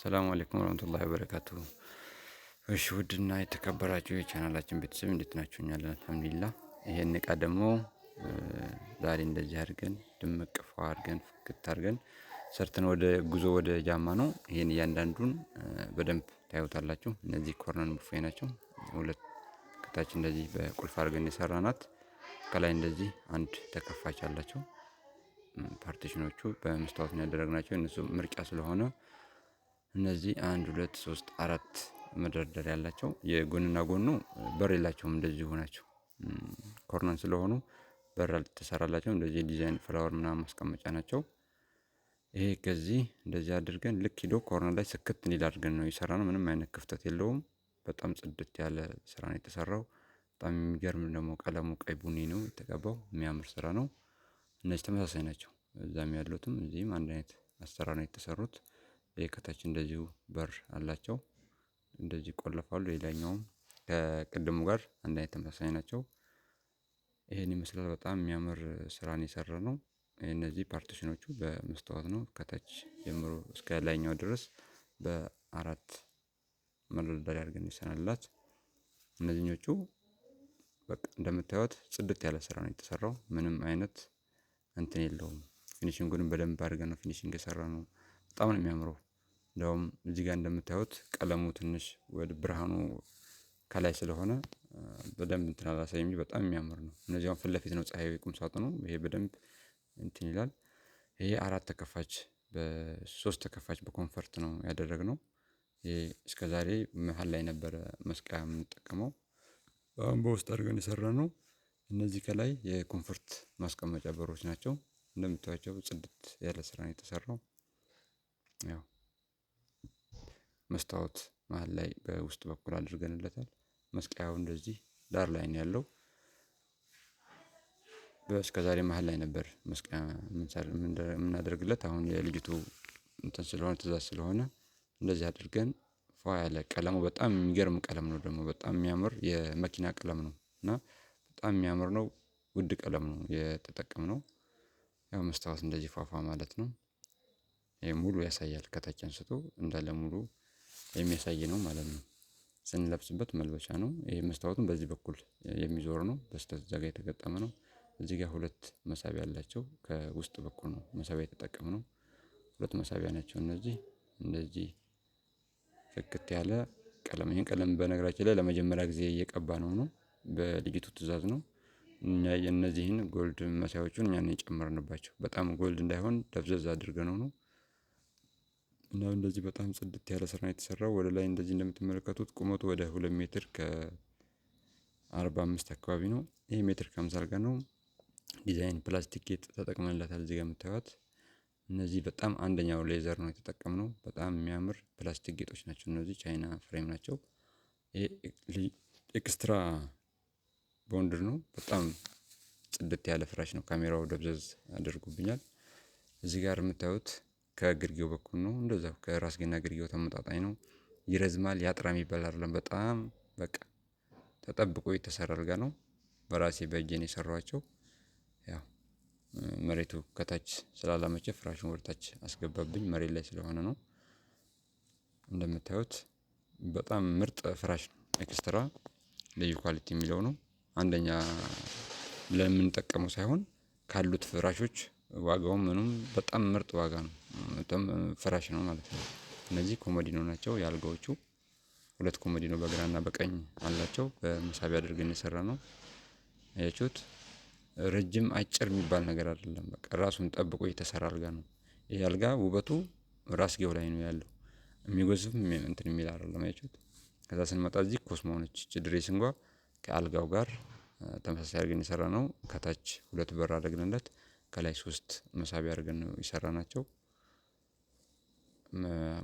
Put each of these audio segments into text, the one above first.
ሰላም አለይኩም ወረህመቱላሂ ወበረካቱ። እሺ ውድና የተከበራችሁ የቻናላችን ቤተሰብ እንዴት ናችሁ? እኛለን አለን ይሄን እቃ ደግሞ ዛሬ እንደዚህ አድርገን ድምቅ ፏ አድርገን ፍክት አድርገን ሰርተን ወደ ጉዞ ወደ ጃማ ነው። ይሄን እያንዳንዱን በደንብ ታዩታላችሁ። እነዚህ ኮርነን ቡፌ ናቸው። ሁለት ከታች እንደዚህ በቁልፍ አድርገን የሰራናት ከላይ እንደዚህ አንድ ተከፋች አላቸው። ፓርቲሽኖቹ በመስታወት ነው ያደረግናቸው። እነሱ ምርጫ ስለሆነ እነዚህ አንድ ሁለት ሶስት አራት መደርደሪያ ያላቸው የጎንና ጎኑ በር የላቸውም። እንደዚሁ ናቸው። ኮርነር ስለሆኑ በር አልተሰራላቸው። እንደዚህ ዲዛይን ፍላወር ምናምን ማስቀመጫ ናቸው። ይሄ ከዚህ እንደዚህ አድርገን ልክ ሂዶ ኮርነር ላይ ስክት እንዲል አድርገን ነው የሰራ ነው። ምንም አይነት ክፍተት የለውም። በጣም ጽድት ያለ ስራ ነው የተሰራው። በጣም የሚገርም ደግሞ ቀለሙ ቀይ ቡኒ ነው የተቀባው። የሚያምር ስራ ነው። እነዚህ ተመሳሳይ ናቸው። እዛም ያሉትም እዚህም አንድ አይነት አሰራር ነው የተሰሩት። ከታች እንደዚሁ በር አላቸው። እንደዚህ ይቆለፋሉ። ሌላኛውም ከቅድሙ ጋር አንድ አይነት ተመሳሳይ ናቸው። ይህን ይመስላል። በጣም የሚያምር ስራን የሰራ ነው። እነዚህ ፓርቲሽኖቹ በመስታወት ነው ከታች ጀምሮ እስከ ላይኛው ድረስ በአራት መደርደሪያ አድርገን ይሰናላት። እነዚህኞቹ በቃ እንደምታዩት ጽድት ያለ ስራ ነው የተሰራው። ምንም አይነት እንትን የለውም። ፊኒሽንጉንም በደንብ አድርገን ነው ፊኒሽንግ የሰራ ነው። በጣም ነው የሚያምረው። እንደውም እዚህ ጋር እንደምታዩት ቀለሙ ትንሽ ወደ ብርሃኑ ከላይ ስለሆነ በደንብ እንትን አላሳይ እንጂ በጣም የሚያምር ነው። እነዚያውም ፊት ለፊት ነው ፀሐይ ቁም ሳጥኑ ይሄ በደንብ እንትን ይላል። ይሄ አራት ተከፋች በሶስት ተከፋች በኮንፈርት ነው ያደረግነው። ይሄ እስከዛሬ መሀል ላይ ነበረ መስቀያ የምንጠቀመው በአሁን በውስጥ አድርገን ነው። እነዚህ ከላይ የኮንፈርት ማስቀመጫ በሮች ናቸው። እንደምታዩቸው ጽድት ያለ ስራ ነው የተሰራው ያው መስታወት መሀል ላይ በውስጥ በኩል አድርገንለታል። መስቀያው እንደዚህ ዳር ላይ ነው ያለው። እስከዛሬ መሃል ላይ ነበር መስቀያ የምናደርግለት። አሁን የልጅቱ እንትን ስለሆነ ትእዛዝ ስለሆነ እንደዚህ አድርገን ፏ ያለ ቀለሙ በጣም የሚገርም ቀለም ነው። ደግሞ በጣም የሚያምር የመኪና ቀለም ነው እና በጣም የሚያምር ነው። ውድ ቀለም ነው የተጠቀም ነው። ያው መስታወት እንደዚህ ፏፏ ማለት ነው። ይህ ሙሉ ያሳያል ከታች አንስቶ እንዳለ ሙሉ የሚያሳይ ነው ማለት ነው። ስንለብስበት መልበሻ ነው። ይህ መስታወቱም በዚህ በኩል የሚዞር ነው። በስተት እዛ የተገጠመ ነው። እዚህ ጋር ሁለት መሳቢያ አላቸው። ከውስጥ በኩል ነው መሳቢያ የተጠቀም ነው። ሁለት መሳቢያ ናቸው እነዚህ። እንደዚህ ፍክት ያለ ቀለም። ይህን ቀለም በነገራችን ላይ ለመጀመሪያ ጊዜ እየቀባ ነው ነው በልጅቱ ትእዛዝ ነው። እነዚህን ጎልድ መሳያዎቹን እኛን የጨመርንባቸው በጣም ጎልድ እንዳይሆን ደብዘዝ አድርገ ነው ነው እና እንደዚህ በጣም ጽድት ያለ ስራ ነው የተሰራው። ወደ ላይ እንደዚህ እንደምትመለከቱት ቁመቱ ወደ ሁለት ሜትር ከ45 አካባቢ ነው። ይህ ሜትር ከ አልጋ ነው። ዲዛይን ፕላስቲክ ጌጥ ተጠቅመንላታል። እዚህ ጋር የምታዩት እነዚህ በጣም አንደኛው ሌዘር ነው የተጠቀምነው። በጣም የሚያምር ፕላስቲክ ጌጦች ናቸው እነዚህ፣ ቻይና ፍሬም ናቸው። ኤክስትራ ቦንድር ነው። በጣም ጽድት ያለ ፍራሽ ነው። ካሜራው ደብዘዝ አድርጉብኛል። እዚህ ጋር የምታዩት ከግርጌው በኩል ነው። እንደዛ ከራስጌና ግርጌው ተመጣጣኝ ነው። ይረዝማል፣ ያጥራ ይበላል። አይደለም። በጣም በቃ ተጠብቆ የተሰራ አልጋ ነው። በራሴ በእጄን የሰሯቸው ያው መሬቱ ከታች ስላላመቸ ፍራሹን ወደታች አስገባብኝ። መሬት ላይ ስለሆነ ነው። እንደምታዩት በጣም ምርጥ ፍራሽ ነው። ኤክስትራ ልዩ ኳሊቲ የሚለው ነው። አንደኛ ለምንጠቀመው ሳይሆን ካሉት ፍራሾች ዋጋውም ምኑም በጣም ምርጥ ዋጋ ነው። በጣም ፍራሽ ነው ማለት ነው። እነዚህ ኮሞዲኖ ናቸው የአልጋዎቹ። ሁለት ኮሞዲኖ በግራና በቀኝ አላቸው። በመሳቢያ አድርገን የሰራ ነው። አያችሁት? ረጅም አጭር የሚባል ነገር አይደለም። በቃ ራሱን ጠብቆ የተሰራ አልጋ ነው። ይህ አልጋ ውበቱ ራስጌው ላይ ነው ያለው። የሚጎዝፍ እንትን የሚል አይደለም። አያችሁት? ከዛ ስንመጣ እዚህ ኮስሞ ነች ድሬስ እንኳ ከአልጋው ጋር ተመሳሳይ አድርገን የሰራ ነው። ከታች ሁለት በር አድርገንለት ከላይ ሶስት መሳቢያ አድርገን ነው የሰራ ናቸው።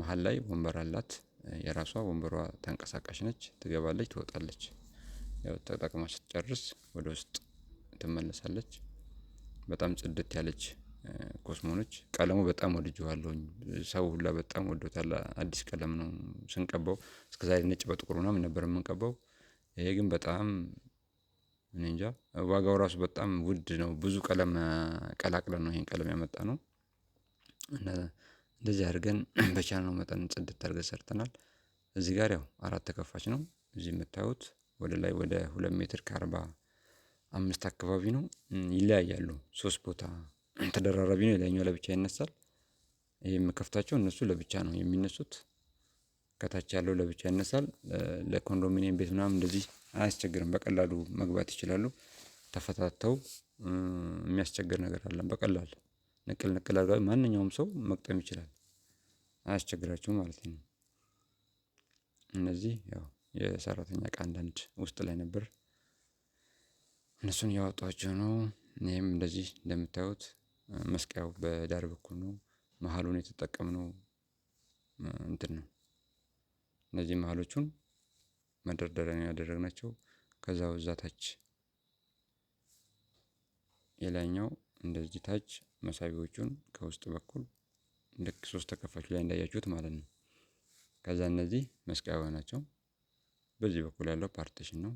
መሀል ላይ ወንበር አላት። የራሷ ወንበሯ ተንቀሳቃሽ ነች። ትገባለች፣ ትወጣለች። ያው ተጠቅማ ስትጨርስ ወደ ውስጥ ትመለሳለች። በጣም ጽድት ያለች ኮስሞኖች። ቀለሙ በጣም ወድጄዋለሁኝ። ሰው ሁላ በጣም ወዶታል። አዲስ ቀለም ነው ስንቀባው። እስከዛሬ ነጭ በጥቁር ምናምን ነበር የምንቀባው። ይሄ ግን በጣም እኔ እንጃ፣ ዋጋው ራሱ በጣም ውድ ነው። ብዙ ቀለም ቀላቅለን ነው ይሄን ቀለም ያመጣ ነው። እንደዚህ አድርገን በቻልነው መጠን ጽድት አድርገን ሰርተናል። እዚህ ጋር ያው አራት ተከፋች ነው። እዚህ የምታዩት ወደ ላይ ወደ ሁለት ሜትር ከአርባ አምስት አካባቢ ነው። ይለያያሉ። ሶስት ቦታ ተደራራቢ ነው። የላይኛው ለብቻ ይነሳል። ይህ የምከፍታቸው እነሱ ለብቻ ነው የሚነሱት። ከታች ያለው ለብቻ ይነሳል። ለኮንዶሚኒየም ቤት ምናምን እንደዚህ አያስቸግርም። በቀላሉ መግባት ይችላሉ። ተፈታተው የሚያስቸግር ነገር አለን በቀላል ንቅል ንቅል አድርጋ ማንኛውም ሰው መቅጠም ይችላል፣ አያስቸግራችሁ ማለት ነው። እነዚህ ያው የሰራተኛ ዕቃ አንዳንድ ውስጥ ላይ ነበር፣ እነሱን እያወጧቸው ነው። ይህም እንደዚህ እንደምታዩት መስቀያው በዳር በኩል ነው። መሀሉን የተጠቀምነው እንትን ነው። እነዚህ መሀሎቹን መደርደሪያ ነው ያደረግናቸው። ከዛ ታች የላይኛው እንደዚህ ታች መሳቢያዎቹን ከውስጥ በኩል ልክ ሶስት ተከፋች ላይ እንዳያችሁት ማለት ነው። ከዛ እነዚህ መስቀያ ናቸው። በዚህ በኩል ያለው ፓርቲሽን ነው።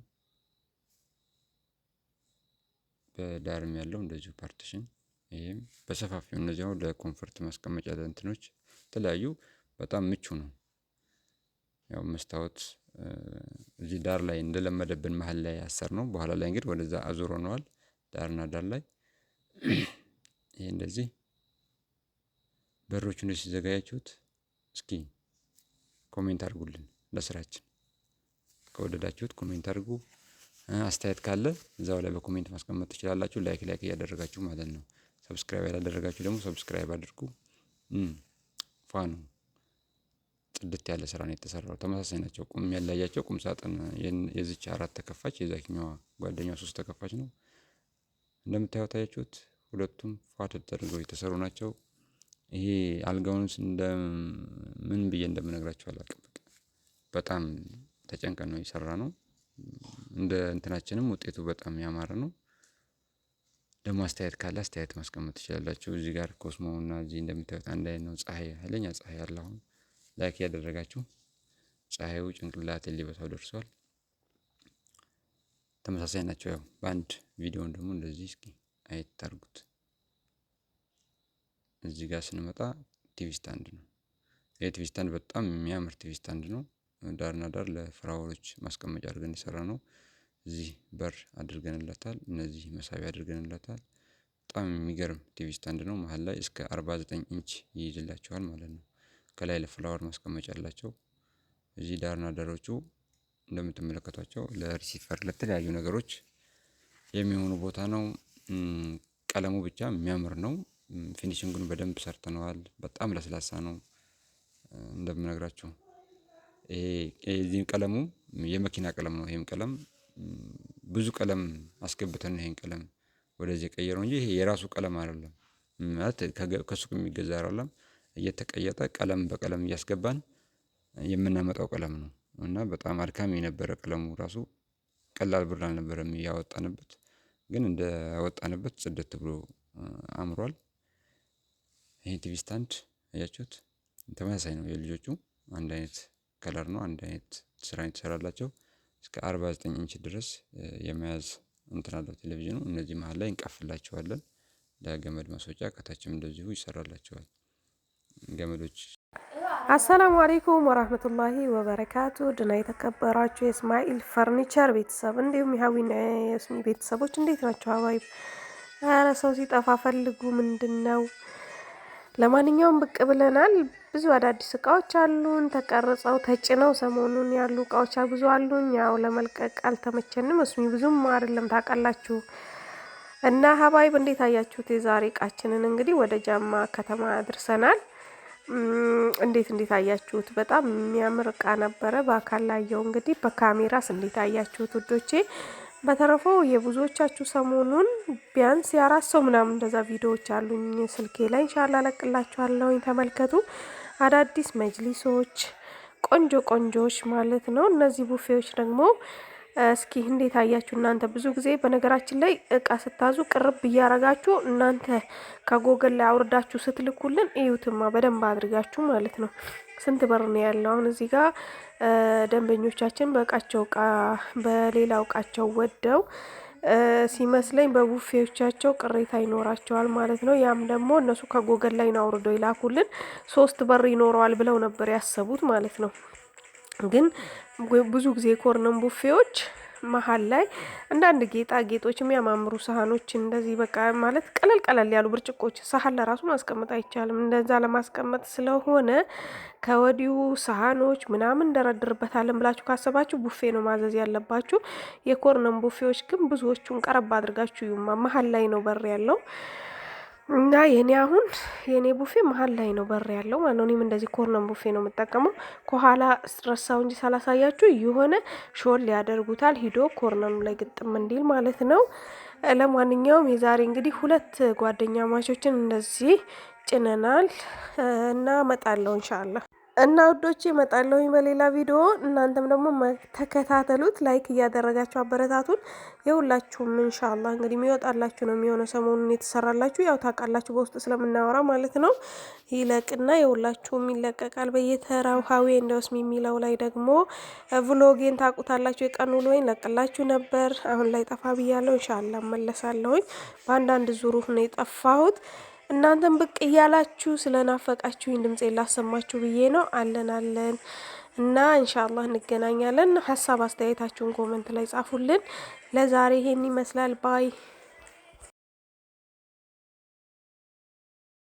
በዳርም ያለው እንደዚሁ ፓርቲሽን። ይህም በሰፋፊው እነዚያው ለኮንፈርት ማስቀመጫ ለእንትኖች የተለያዩ በጣም ምቹ ነው። ያው መስታወት እዚህ ዳር ላይ እንደለመደብን መሀል ላይ አሰር ነው። በኋላ ላይ እንግዲህ ወደዛ አዙሮነዋል ዳርና ዳር ላይ ይሄ እንደዚህ በሮቹ እንደዚህ ሲዘጋጃችሁት እስኪ ኮሜንት አድርጉልን። ለስራችን ከወደዳችሁት ኮሜንት አድርጉ። አስተያየት ካለ እዛው ላይ በኮሜንት ማስቀመጥ ትችላላችሁ። ላይክ ላይክ እያደረጋችሁ ማለት ነው። ሰብስክራይብ ያላደረጋችሁ ደግሞ ሰብስክራይብ አድርጉ። ፋኑ ጽድት ያለ ስራ ነው የተሰራው። ተመሳሳይ ናቸው። ቁም ያለያቸው ቁም ሳጥን የዚች አራት ተከፋች የዛኛዋ ጓደኛዋ ሶስት ተከፋች ነው እንደምታዩት አያችሁት። ሁለቱም ፋትል ተደርገው የተሰሩ ናቸው። ይሄ አልጋውንስ ምን ብዬ እንደምነግራቸው አላውቅም። በጣም ተጨንቀን ነው የሰራ ነው። እንደ እንትናችንም ውጤቱ በጣም ያማረ ነው። ደግሞ አስተያየት ካለ አስተያየት ማስቀመጥ ትችላላችሁ። እዚህ ጋር ኮስሞ እና እዚህ እንደምታዩት አንድ አይነት ነው። ፀሐይ ኃይለኛ ፀሐይ ያለ አሁን ላይክ ያደረጋችሁ ፀሐዩ ጭንቅላት ሊበሳው ደርሷል። ተመሳሳይ ናቸው ያው በአንድ ቪዲዮን ደግሞ እንደዚህ እስኪ አይታርጉት እዚህ ጋር ስንመጣ ቲቪ ስታንድ ነው። ቲቪ ስታንድ በጣም የሚያምር ቲቪ ስታንድ ነው። ዳርና ዳር ለፍራወሮች ማስቀመጫ አድርገን የሰራ ነው። እዚህ በር አድርገንለታል። እነዚህ መሳቢያ አድርገንለታል። በጣም የሚገርም ቲቪ ስታንድ ነው። መሀል ላይ እስከ 49 ኢንች ይይዝላቸዋል ማለት ነው። ከላይ ለፍላወር ማስቀመጫ አላቸው። እዚህ ዳርና ዳሮቹ እንደምትመለከቷቸው ለሪሲቨር ለተለያዩ ነገሮች የሚሆኑ ቦታ ነው። ቀለሙ ብቻ የሚያምር ነው። ፊኒሽንግን በደንብ ሰርተነዋል። በጣም ለስላሳ ነው። እንደምነግራችሁ ይህ ቀለሙ የመኪና ቀለም ነው። ይህም ቀለም ብዙ ቀለም አስገብተን ይህን ቀለም ወደዚህ የቀየረው እንጂ ይሄ የራሱ ቀለም አይደለም። ማለት ከሱቅ የሚገዛ አይደለም። እየተቀየጠ ቀለም በቀለም እያስገባን የምናመጣው ቀለም ነው እና በጣም አድካሚ ነበረ። ቀለሙ ራሱ ቀላል ብር አልነበረም ያወጣንበት ግን እንደወጣንበት ጽድት ብሎ አምሯል። ይሄ ቲቪ ስታንድ አያችሁት፣ ተመሳሳይ ነው። የልጆቹ አንድ አይነት ከለር ነው፣ አንድ አይነት ስራ የተሰራላቸው እስከ 49 ኢንች ድረስ የመያዝ እንትን አለው ቴሌቪዥኑ። እነዚህ መሀል ላይ እንቀፍላቸዋለን ለገመድ ማስወጫ፣ ከታችም እንደዚሁ ይሰራላቸዋል። ገመዶች አሰላሙ አሌይኩም ወራህመቱላሂ ወበረካቱ ድና የተከበራችሁ የእስማኤል ፈርኒቸር ቤተሰብ እንዲሁም የሀዊና የስሚ ቤተሰቦች እንዴት ናቸው? አባይ ኧረ ሰው ሲጠፋ ፈልጉ። ምንድን ነው? ለማንኛውም ብቅ ብለናል። ብዙ አዳዲስ እቃዎች አሉን ተቀርጸው ተጭነው ሰሞኑን ያሉ እቃዎች ብዙ አሉን። ያው ለመልቀቅ አልተመቸንም። እስሚ ብዙም አይደለም ታውቃላችሁ። እና ሀባይብ እንዴት አያችሁት? የዛሬ እቃችንን እንግዲህ ወደ ጃማ ከተማ አድርሰናል። እንዴት እንዴት አያችሁት? በጣም የሚያምር እቃ ነበረ። በአካል ላየው እንግዲህ በካሜራስ እንዴት አያችሁት ውዶቼ? በተረፎ የብዙዎቻችሁ ሰሞኑን ቢያንስ የአራት ሰው ምናምን እንደዛ ቪዲዮዎች አሉኝ ስልኬ ላይ ኢንሻላ ለቅላችኋለሁኝ። ተመልከቱ አዳዲስ መጅሊሶች ቆንጆ ቆንጆዎች ማለት ነው። እነዚህ ቡፌዎች ደግሞ እስኪ እንዴት አያችሁ እናንተ? ብዙ ጊዜ በነገራችን ላይ እቃ ስታዙ ቅርብ እያረጋችሁ እናንተ ከጎገል ላይ አውርዳችሁ ስትልኩልን እዩትማ በደንብ አድርጋችሁ ማለት ነው። ስንት በር ነው ያለው? አሁን እዚህ ጋር ደንበኞቻችን በእቃቸው እቃ በሌላ እቃቸው ወደው ሲመስለኝ በቡፌዎቻቸው ቅሬታ ይኖራቸዋል ማለት ነው። ያም ደግሞ እነሱ ከጎገል ላይ ነው አውርደው ይላኩልን። ሶስት በር ይኖረዋል ብለው ነበር ያሰቡት ማለት ነው። ግን ብዙ ጊዜ ኮርነን ቡፌዎች መሀል ላይ አንዳንድ ጌጣጌጦች የሚያማምሩ ሳህኖች እንደዚህ በቃ ማለት ቀለል ቀለል ያሉ ብርጭቆች ሳህን ለራሱ ማስቀመጥ አይቻልም። እንደዛ ለማስቀመጥ ስለሆነ ከወዲሁ ሳህኖች ምናምን እንደረድርበታለን ብላችሁ ካሰባችሁ ቡፌ ነው ማዘዝ ያለባችሁ። የኮርነም ቡፌዎች ግን ብዙዎቹን ቀረብ አድርጋችሁ ይዩማ፣ መሀል ላይ ነው በር ያለው። እና የኔ አሁን የኔ ቡፌ መሀል ላይ ነው በር ያለው ማለት ነው። እኔም እንደዚህ ኮርነር ቡፌ ነው የምጠቀመው። ከኋላ ረሳው እንጂ ሳላሳያችሁ የሆነ ሾል ያደርጉታል ሂዶ ኮርነሩ ላይ ግጥም እንዲል ማለት ነው። ለማንኛውም የዛሬ እንግዲህ ሁለት ጓደኛ ማቾችን እንደዚህ ጭነናል እና መጣለው እንሻላ እና ውዶች እመጣለሁኝ በሌላ ቪዲዮ። እናንተም ደግሞ ተከታተሉት፣ ላይክ እያደረጋችሁ አበረታቱን። የሁላችሁም እንሻላ እንግዲህ የሚወጣላችሁ ነው የሚሆነው። ሰሞኑን የተሰራላችሁ ያው ታውቃላችሁ፣ በውስጥ ስለምናወራ ማለት ነው። ይለቅና የሁላችሁም ይለቀቃል በየተራው። ሀዌ እንደውስም የሚለው ላይ ደግሞ ቭሎጌን ታውቁታላችሁ። የቀን ውሎዬን ለቅላችሁ ነበር። አሁን ላይ ጠፋ ብያለሁ። እንሻላ እመለሳለሁኝ። በአንዳንድ ዙሩ ነው የጠፋሁት። እናንተም ብቅ እያላችሁ ስለናፈቃችሁ ይህን ድምፄ ላሰማችሁ ብዬ ነው። አለን አለን እና እንሻላ እንገናኛለን። ሀሳብ አስተያየታችሁን ኮመንት ላይ ጻፉልን። ለዛሬ ይሄን ይመስላል ባይ